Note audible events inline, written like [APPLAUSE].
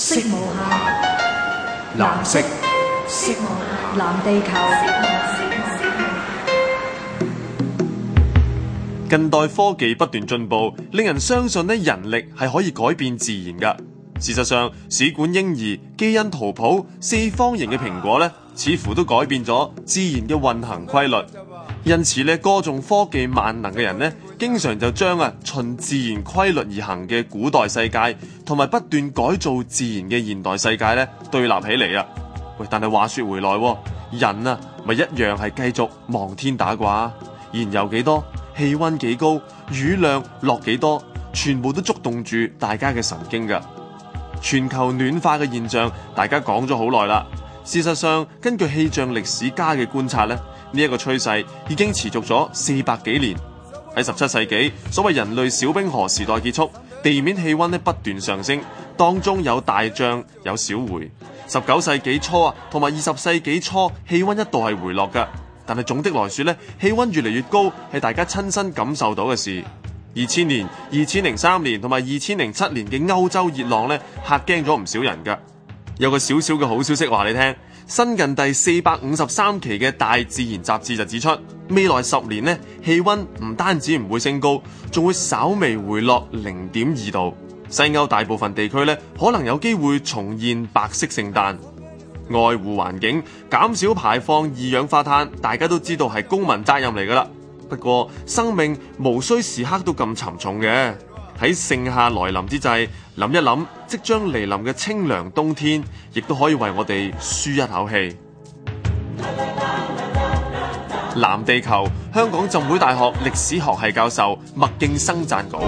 色無下藍色，色無下藍地球。色近代科技不斷進步，令人相信咧人力係可以改變自然噶。事實上，使管嬰兒、基因圖譜、四方形嘅蘋果咧，似乎都改變咗自然嘅運行規律。因此咧，歌頌科技萬能嘅人咧，經常就將啊循自然規律而行嘅古代世界，同埋不斷改造自然嘅現代世界咧，對立起嚟啊！喂，但係話說回來，人啊，咪一樣係繼續望天打卦，啊，燃油幾多，氣溫幾高，雨量落幾多，全部都觸動住大家嘅神經噶。全球暖化嘅現象，大家講咗好耐啦。事實上，根據氣象歷史家嘅觀察咧，呢一個趨勢已經持續咗四百幾年。喺十七世紀，所謂人類小冰河時代結束，地面氣溫咧不斷上升，當中有大漲有小回。十九世紀初啊，同埋二十世紀初，氣溫一度係回落噶，但係總的來說咧，氣溫越嚟越高係大家親身感受到嘅事。二千年、二千零三年同埋二千零七年嘅歐洲熱浪咧，嚇驚咗唔少人噶。有個少少嘅好消息話你聽，新近第四百五十三期嘅《大自然》雜誌就指出，未來十年呢氣温唔單止唔會升高，仲會稍微回落零點二度。西歐大部分地區呢可能有機會重現白色聖誕。愛護環境，減少排放二氧化碳，大家都知道係公民責任嚟㗎喇。不過生命無需時刻都咁沉重嘅。喺盛夏來臨之際，諗一諗即將嚟臨嘅清涼冬天，亦都可以為我哋舒一口氣。 [MUSIC] 藍地球，香港浸會大學歷史學系教授麥勁生撰稿。